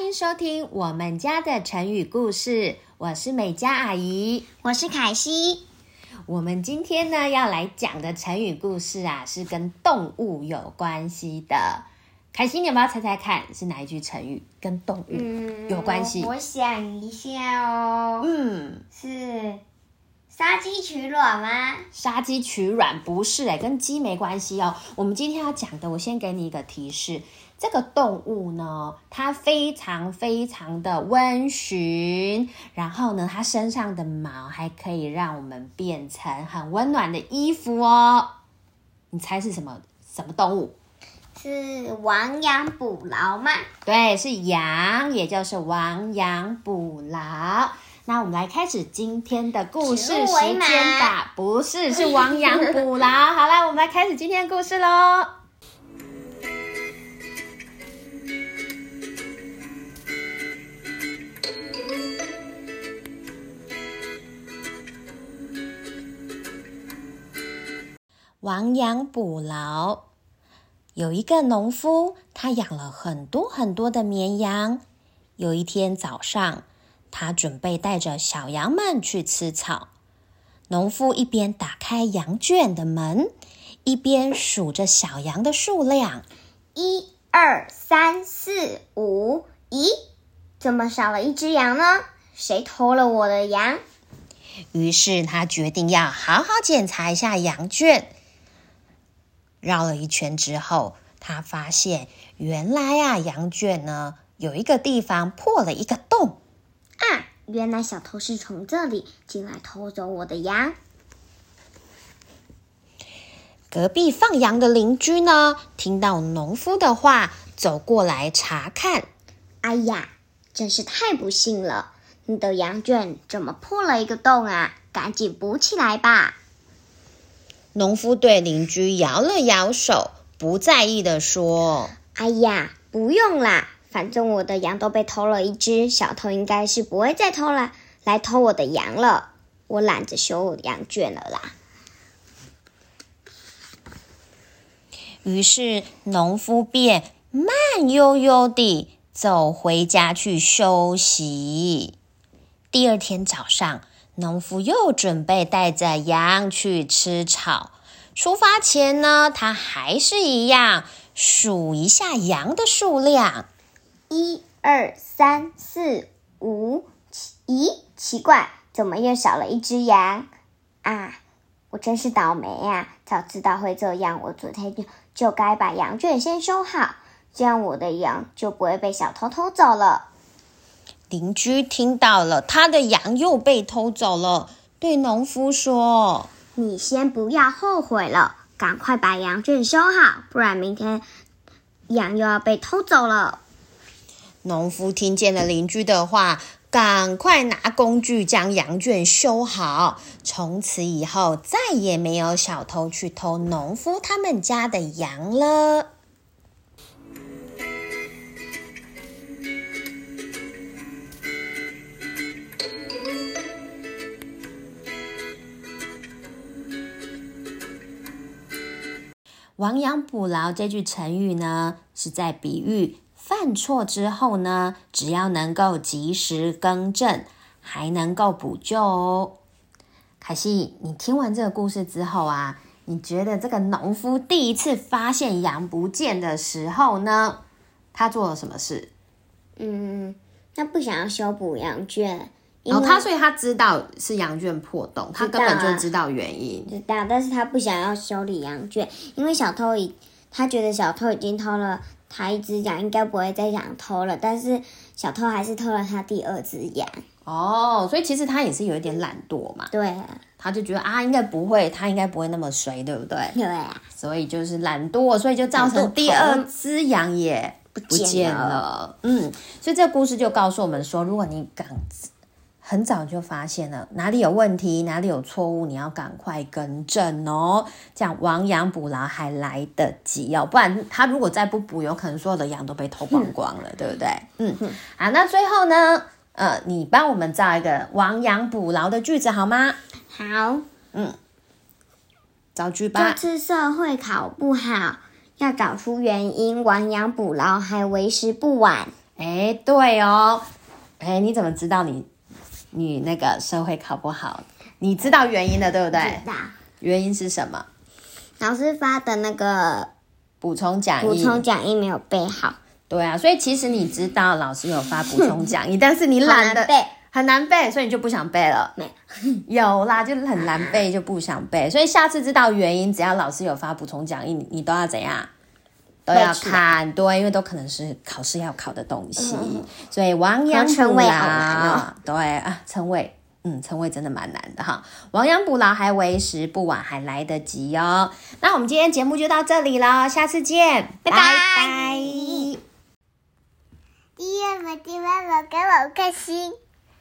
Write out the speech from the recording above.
歡迎收聽我們家的成語故事，我是美嘉阿姨，我是凱西。我們今天呢要來講的成語故事啊，是跟動物有關係的。凱西，你有沒有猜猜看是哪一句成語跟動物有關係？嗯、我，我想一下哦，嗯，是殺雞取卵嗎？殺雞取卵不是哎、欸，跟雞沒關係哦。我們今天要講的，我先給你一個提示。這個動物呢，它非常非常的溫馴，然後呢，它身上的毛還可以讓我們變成很溫暖的衣服哦。你猜是什麼？什麼動物？是亡羊補牢嗎？對，是羊，也就是亡羊補牢。那我們來開始今天的故事時間吧。不是，是亡羊補牢。好啦，我們來開始今天的故事嘍。亡羊補牢。有一個農夫，他養了很多很多的綿羊。有一天早上，他準備帶着小羊們去吃草。農夫一邊打開羊圈的門，一邊數着小羊的數量：一、二、三、四、五。咦，怎麼少了一隻羊呢？誰偷了我的羊？於是他決定要好好檢查一下羊圈。繞了一圈之後，他發現原來啊，羊圈呢有一個地方破了一個洞。啊，原來小偷是從這裡進來偷走我的羊。隔壁放羊的鄰居呢，聽到農夫的話，走過來查看。哎呀，真是太不幸了！你的羊圈怎麼破了一個洞啊？趕緊補起來吧。農夫對鄰居搖了搖手，不在意地說：“哎呀，不用啦，反正我的羊都被偷了一隻，小偷應該是不會再偷了，來偷我的羊了。我懶得修羊圈了啦。”於是，農夫便慢悠悠地走回家去休息。第二天早上。農夫又準備帶着羊去吃草。出發前呢，他還是一樣，數一下羊的數量。一、二、三、四、五。咦，奇怪，怎麼又少了一隻羊？啊，我真是倒霉呀，啊！早知道會這樣，我昨天就就該把羊圈先修好，這樣我的羊就不會被小偷偷走了。鄰居聽到了，他的羊又被偷走了，對農夫說：“你先不要後悔了，趕快把羊圈修好，不然明天羊又要被偷走了。”農夫聽見了鄰居的話，趕快拿工具將羊圈修好。從此以後，再也沒有小偷去偷農夫他們家的羊了。亡羊補牢這句成語呢，是在比喻犯錯之後呢，只要能夠及時更正，還能夠補救哦。凱西，你聽完這個故事之後啊，你覺得這個農夫第一次發現羊不見的時候呢，他做了什麼事？嗯，他不想要修補羊圈。然後、哦、他，所以他知道是羊圈破洞，他、啊、根本就知道原因。知道，但是他不想要修理羊圈，因為小偷已，他覺得小偷已經偷了他一隻羊，應該不會再想偷了。但是小偷還是偷了他第二隻羊。哦，所以其實他也是有一點懶惰嘛。對、啊。他就覺得啊，應該不會，他應該不會那麼衰，對不對？對、啊、所以就是懶惰，所以就造成第二隻羊也不見不見了。嗯，所以這故事就告訴我們說，如果你敢。很早就發現了哪裡有問題，哪裡有錯誤，你要趕快更正哦。這樣亡羊補牢還來得及哦，不然他如果再不補，有可能所有的羊都被偷光光了，嗯、對不對？嗯嗯。啊，那最後呢？呃，你幫我們造一個亡羊補牢的句子好嗎？好。嗯，造句吧。這次社會考不好，要找出原因，亡羊補牢還為時不晚。誒，對哦。誒，你怎麼知道你？你那個社會考不好，你知道原因的對不對？知道。原因是什麼？老師發的那個補充講義，補充講義沒有背好。對啊，所以其實你知道老師有發補充講義，但是你懶得背，很難背，所以你就不想背了。沒，有啦，就是很難背，就不想背。所以下次知道原因，只要老師有發補充講義，你你都要怎樣？都要看，對，因為都可能是考試要考的東西，嗯、所以亡羊補牢，哦、對啊，稱謂嗯，稱謂真的蠻難的哈，亡羊補牢還為時不晚，還來得及哦。那我們今天節目就到這裡咯，下次見，拜拜。第音樂，我的媽媽給我開心。